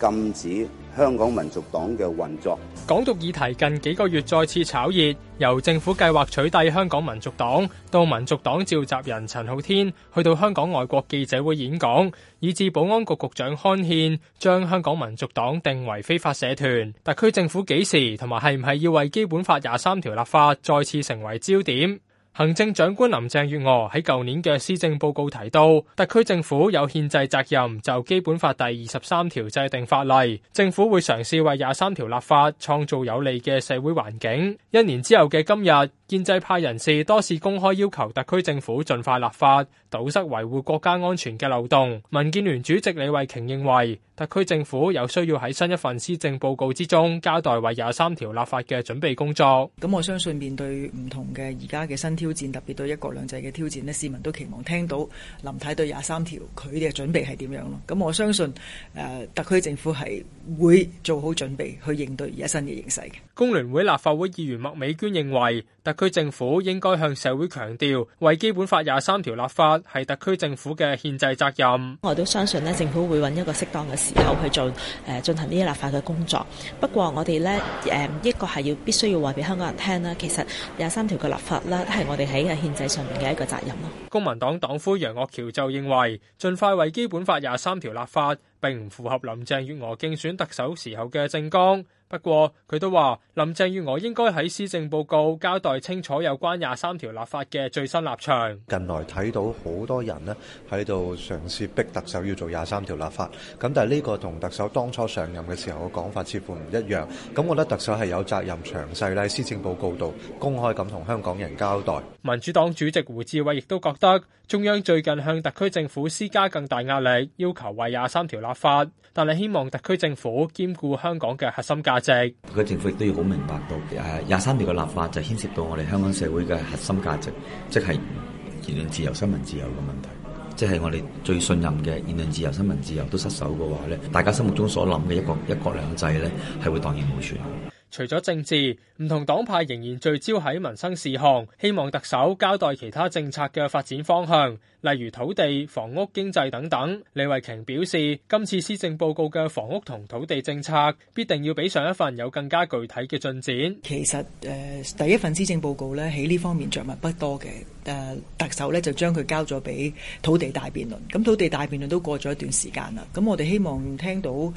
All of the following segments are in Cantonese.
禁止香港民族黨嘅運作。港獨議題近幾個月再次炒熱，由政府計劃取締香港民族黨，到民族黨召集人陳浩天去到香港外國記者會演講，以致保安局局長刊憲將香港民族黨定為非法社團。特區政府幾時同埋係唔係要為基本法廿三條立法，再次成為焦點？行政長官林鄭月娥喺舊年嘅施政報告提到，特區政府有憲制責任就《基本法》第二十三條制定法例，政府會嘗試為廿三條立法創造有利嘅社會環境。一年之後嘅今日，建制派人士多次公開要求特區政府盡快立法，堵塞維護國家安全嘅漏洞。民建聯主席李慧瓊認為，特區政府有需要喺新一份施政報告之中交代為廿三條立法嘅準備工作。咁我相信面對唔同嘅而家嘅新挑戰，特別對一國兩制嘅挑戰咧，市民都期望聽到林太對廿三條佢哋嘅準備係點樣咯。咁我相信誒，特區政府係會做好準備去應對而家新嘅形勢嘅。工聯會立法會議員麥美娟認為特。特區政府應該向社會強調，為《基本法》廿三條立法係特區政府嘅憲制責任。我都相信咧，政府會揾一個適當嘅時候去做誒，進行呢啲立法嘅工作。不過我哋咧，誒，一個係要必須要話俾香港人聽啦，其實廿三條嘅立法啦，係我哋喺嘅憲制上面嘅一個責任。公民黨黨魁楊岳橋就認為，盡快為《基本法》廿三條立法，並唔符合林鄭月娥競選特首時候嘅政綱。不過佢都話，林鄭月娥應該喺施政報告交代清楚有關廿三條立法嘅最新立場。近來睇到好多人咧喺度嘗試逼特首要做廿三條立法，咁但係呢個同特首當初上任嘅時候嘅講法似乎唔一樣。咁我覺得特首係有責任詳細咧喺施政報告度公開咁同香港人交代。民主黨主席胡志偉亦都覺得中央最近向特區政府施加更大壓力，要求為廿三條立法，但係希望特區政府兼顧香港嘅核心價值。佢政府亦都要好明白到誒，廿三條嘅立法就牽涉到我哋香港社會嘅核心價值，即係言論自由、新聞自由嘅問題。即係我哋最信任嘅言論自由、新聞自由都失守嘅話，咧，大家心目中所諗嘅一個一國兩制咧，係會蕩然無存。除咗政治，唔同黨派仍然聚焦喺民生事項，希望特首交代其他政策嘅發展方向，例如土地、房屋、經濟等等。李慧瓊表示，今次施政報告嘅房屋同土地政策，必定要比上一份有更加具體嘅進展。其實，誒、呃、第一份施政報告咧，喺呢方面着墨不多嘅。誒特首咧就將佢交咗俾土地大辯論，咁土地大辯論都過咗一段時間啦。咁我哋希望聽到誒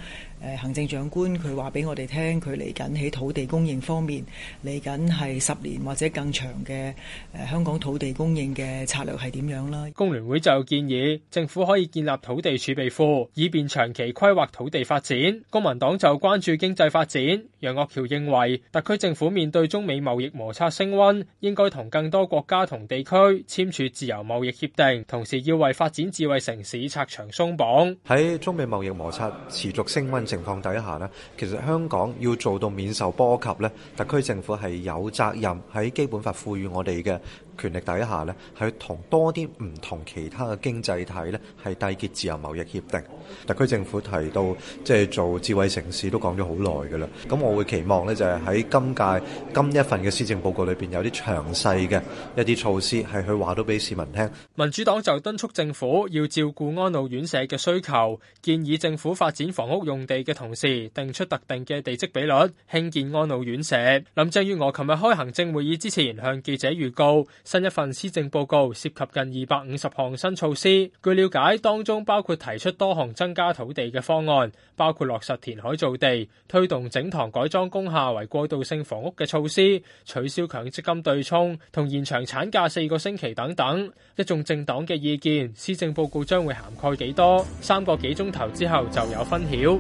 行政長官佢話俾我哋聽，佢嚟緊喺土地供應方面嚟緊係十年或者更長嘅誒香港土地供應嘅策略係點樣啦？工聯會就建議政府可以建立土地儲備庫，以便長期規劃土地發展。公民黨就關注經濟發展。楊岳橋認為，特區政府面對中美貿易摩擦升溫，應該同更多國家同地區，簽署自由貿易協定，同時要為發展智慧城市拆牆鬆綁。喺中美貿易摩擦持續升温情況底下呢，其實香港要做到免受波及呢，特區政府係有責任喺基本法賦予我哋嘅權力底下呢，係同多啲唔同其他嘅經濟體呢，係締結自由貿易協定。特區政府提到，即係做智慧城市都講咗好耐㗎喇。咁我會期望呢，就係、是、喺今屆今一份嘅施政報告裏邊，有啲詳細嘅一啲措施，係去話到俾市民聽。民主黨就敦促政府要照顧安老院舍嘅需求，建議政府發展房屋用地嘅同時，定出特定嘅地積比率興建安老院舍。林鄭月娥琴日開行政會議之前向記者預告。新一份施政報告涉及近二百五十項新措施，據了解當中包括提出多項增加土地嘅方案，包括落實填海造地、推動整幢改裝工廈為過渡性房屋嘅措施、取消強積金對沖同延長產假四個星期等等。一眾政黨嘅意見，施政報告將會涵蓋幾多？三個幾鐘頭之後就有分曉。